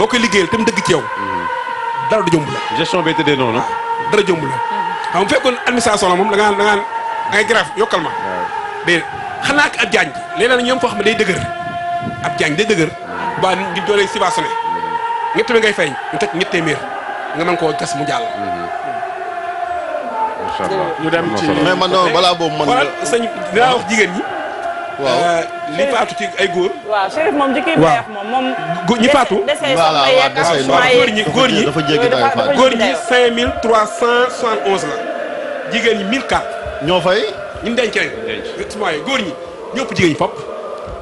boo koy liggéeyal tam dëgg ci yow. dara du jomb la. gestion bay tëddee noonu. Ah, dara jomb mm-hmm. xam nga fekkoon administration la moom da ngaa da ngaa da yokkal ma. waaw xanaa ak ab jaañ léeg-léeg ñoom foo xam ne day dëgër ab jaañ day dëgër. ba mm-hmm. nit doole subventionné. Mm-hmm. ñett mi ngay fay ñu teg ñett téeméer nga mën koo gas mu jàll. incha allah ñu dem ci mais balaa boobu man. xoolal sëñ dinaa wax jigéen ñi. waaw euh, li faatu ci ay góor. waaw Chérif moom jikki beex moom moom. ñi faatu. voilà waaw dese góor ñi góor ñi dafa jéggi daay faatu góor ñi 5371 la. jigéen ñi 1004. ñoo fay. ñu denc rek. denc góor ñi ñëpp jigéen ñi fop.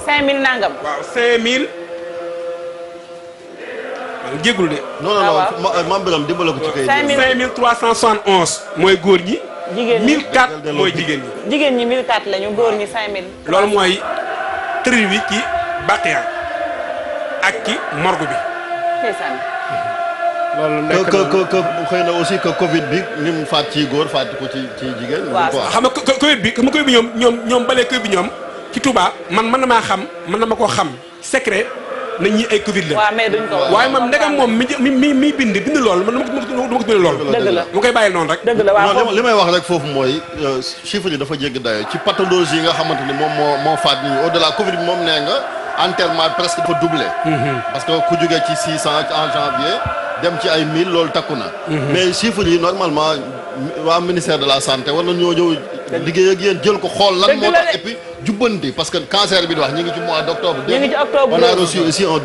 5000 nangam. waaw 5000. man jéggul de. non non non ah, maam euh, Birame dimbale mooy góor ñi. jigéen ñi 1004 mooy jigéen ñi. jigéen ñi 1004 lañu góor ñi 5000. loolu mooy tri bi ci Baqiya ak ci morgue bi. loolu nekk na que que xëy na aussi que Covid bi ni mu faat ci góor faat ko ci ci jigéen. waaw xam nga Covid bi xam nga Covid bi ñoom ñoom ñoom balee Covid bi ñoom ci Touba man mën na maa xam mën na ma koo xam secret. nañ ñi ay Covid la. waaw waaye moom ndegam moom mi mi mi bind bind lool man du ma koy bàyyi noonu rek. dëgg li may wax rek foofu mooy euh, chiffres yi dafa jégg dayo ci pathologie yi nga xamante ni moom moo moo faat nii au delà Covid bi moom nee nga enterrement presque dafa doublé. Mm-hmm. parce que ku jógee ci 600 en janvier dem ci ay 1000 loolu takku na. Mm-hmm. mais chiffres yi normalement waa ministère de la santé war na ñoo ñëw liggéey ak yéen jël ko xool lan moo tax et jubbanti parce que cancer bi di wax ñu ngi ci mois d' octobre. ñu ngi ci octobre on a reçu aussi un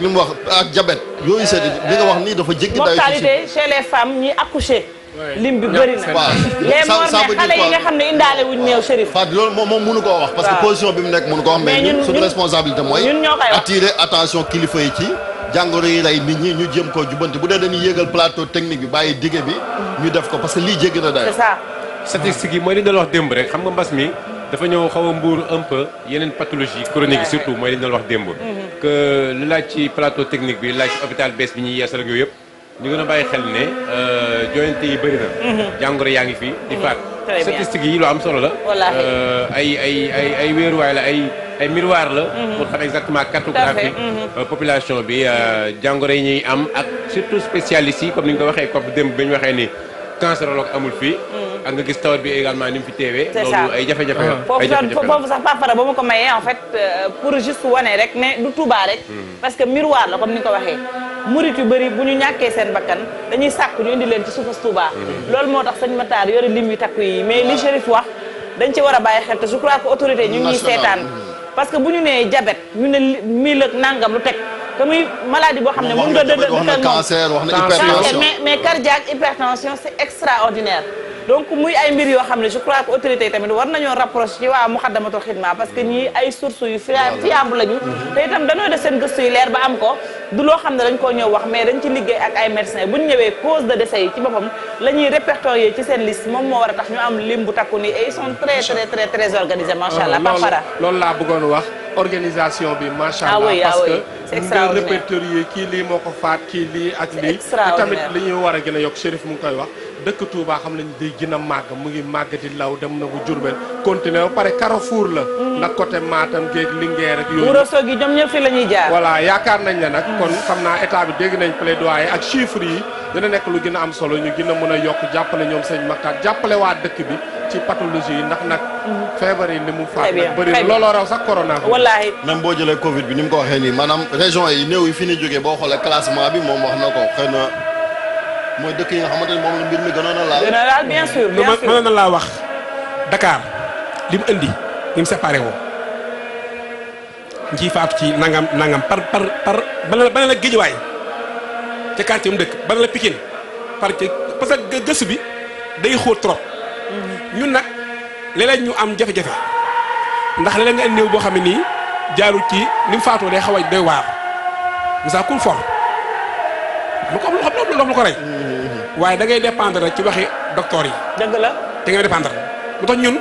bi mu wax ak diabète. yooyu c' est nga wax nii dafa jéggi. dayu mortalité chez les femmes ñi accouché. lim bi bëri na waaw les xam ne indaale wuñ néew Chérif Fatou loolu moom moom koo wax parce que position bi mu nekk mënu ko wax mais ñun suñu responsabilité mooy attirer attention kilifa yi ci jàngoro yi rey nit ñi ñu jëm koo jubanti bu dee dañuy yéegal plateau technique bi bàyyi dige bi ñu def ko parce que lii jéggi na dayo c'est wax démb rek xam nga mbas mi dafa ñëw xaw a mbuur un peu yeneen pathologie chronique surtout mooy li ñu wax démb. Mm-hmm. que li laaj ci plateau technique bi laaj ci hôpital bees bi ñuy yeesal ak yooyu yëpp ñu gën a bàyyi xel ne euh, joyante yi bëri na. Mm-hmm. jàngoro yaa ngi fi di mm-hmm. faat. statistiques yi am solo la. Euh, ay ay ay ay wéeruwaay la ay ay miroir la. pour xam exactement cartographie euh, population bi jàngoro yi ñuy am ak surtout spécialistes yi comme ni nga ko waxee comme démb bi ñu waxee ni cancérologue amul fii. ak na gis tawat bi également ni mu fi teewee. loolu ay jafe-jafe la foofu sax papara ba ma ko mayee en fait euh, pour juste wane rek ne du Touba rek. Hmm. parce que miroir la comme ni ko waxee. murit yu bëri bu ñu ñàkkee seen bakkan dañuy sàkk ñu indi leen ci suufas Touba. Hmm. loolu moo tax sëñ Matar yore lim yu takku yi mais li Chérif wax dañ ci war a bàyyi xel te je crois que autorité ñu ngi seetaan. Hmm. parce que bu ñu nee diabète ñu ne mille nangam lu teg. que muy maladie boo xam ne mën nga dëgg dëgg wax mais mais cardiaque hypertension donc muy ay mbir yoo xam ne je crois que autorité yi tamit war nañoo rapproché ci waa muxaddamatul xidma parce que ñii ay source yu fiable lañu mhm. te itam dañoo def seen gëstu yu leer ba am ko du loo xam ne dañ koo ñëw wax mais dañ ci liggéey ak ay médecins buñ ñëwee cause de décès yi ci boppam la ñuy répertorier ci seen liste moom moo war a tax ñu am lim bu takku nii et ils sont très très très très organisés macha allah papara loolu laa bëggoon bi macha allah ah ah que nga répertorier kii lii moo ko faat kii lii ak lii tamit war a gën yokk Chérif mu ngi koy wax dëkk Touba xam nañ day gën a màgg mu ngi màgg di law dem na bu Jurbel continuer ba pare Carrefour la mm. nag côté Matam géeg Linguère ak yooyu Ourossogui gi ñoom ñëpp fi la ñuy jaar voilà yaakaar nañ ne nag mm. kon xam naa état bi dégg nañ plaidoyer ak chiffres yi dina nekk lu gën a am solo ñu gën a mën a yokk jàppale ñoom sëñ Maktar jàppale waa dëkk bi ci pathologie yi ndax nag mm. feebar yi ni mu looloo raw sax corona wallaahi même boo jëlee covid bi ni mu ko waxee nii maanaam région yi néew yi fi ni jógee boo xoolee classement bi moom wax na ko xëy mooy dëkk yi moom la mbir mi gënoon a a laal bien sûr na laa wax Dakar li indi ni mu séparé woo ñu faatu ci nangam nangam par par par bana la bana la Géejawaay ca quartier mu dëkk bana la Pikine parce que gëstu bi day xóot trop. ñun nag léeg ñu am jafe-jafe ndax léeg nga indi néew boo xam ne nii jaarul ci ni mu faatoo day xaw a doy waar. Moussa Koul Fort lu ko am lu xam ko rey. waaye dangay ngay dépendre rek ci waxi docteur yi. dëgg la te ngay dépendre mu tax ñun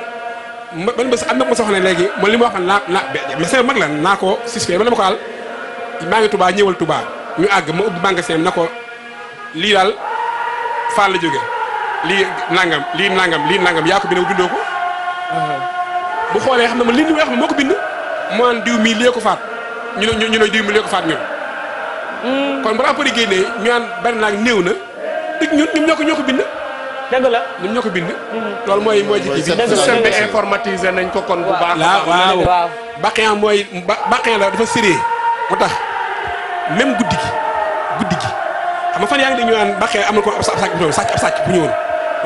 ma man bés am na ma soxla léegi man li ma wax man naa naa mais mag la naa ko suspect ba dama ko àll maa ngi Touba ñëwal Touba ñu àgg ma ubbi magasin na ko lii daal Fall la jóge lii nangam lii nangam lii nangam yaa ko bindoo bindoo ko. bu xoolee xam ne ma li ñu wax moo ko bind. mu naan diw mii lee ko faat ñu ne ñu ne diw mii lee ko faat ñun. Mm. kon bu rapport yi génnee ñu naan bari naa néew na dëgg ñun ñoom ñoo ko ñoo ko bind. dëgg la ñun ñoo bind. Mm. loolu mooy mooy jikki bi système bi informatisé nañ ko kon bu baax. waaw waaw baqin mooy ba baqin la dafa sérieux mu tax même guddi guddi gi xam nga fan yaa ngi dañu naan baqin am na ko ab sàcc bu ñëwoon sàcc bu ñëwoon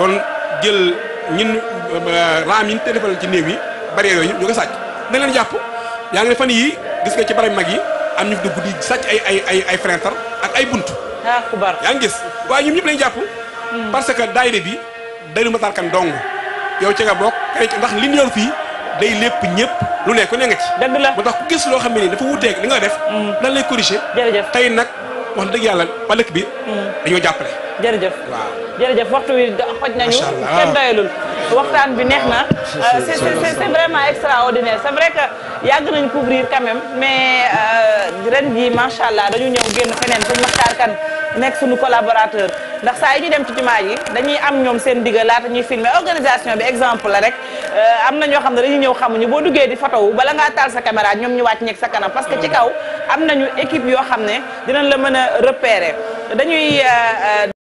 loolu jël ñun euh, raam yi ñu ci néew yi barrière yooyu ñu ko sàcc na leen yaa ngi ne fan yii gis nga ci barab mag yi am ñu fi dugg di sàcc ay ay ay ay fenêtre ak ay bunt ah, yaa ngi gis waaye ñoom ñëpp lañu jàpp hmm. parce que daayira bi daayira Matar Kane dong yow ci nga bokk keneen ndax li ñu yor fii day lépp ñëpp lu ne ku ne nga ci dëgg la moo tax ku gis loo xam ne nii dafa wuuteeg li nga def hmm. lan lay corriger jërëjëf nag wax dëgg yàlla palëk bi dañoo jàppale jërëjëf waaw jërëjëf waxtu wi xoj nañu kenn doyalul waxtaan bi neex na euh, c'est c'est vraiment extraordinaire c'est vrai que yàgg nañ couvrir quand même mais euh, ren jii macha allah dañu ñëw génn feneen suñu Maxtaar Kan nekk suñu collaborateur ndax saa yi ñu dem ci jumaa yi dañuy am ñoom seen digga laata ñuy filmer organisation bi exemple la rek euh, am na ñoo xam ne dañuy ñëw xamuñu boo duggee di photo wu bala ngaa taal sa caméra ñoom ñu wàcc ñeeg sa kanam parce que ci kaw am nañu équipe yoo xam ne dinañ la mën a repérer dañuy euh, euh,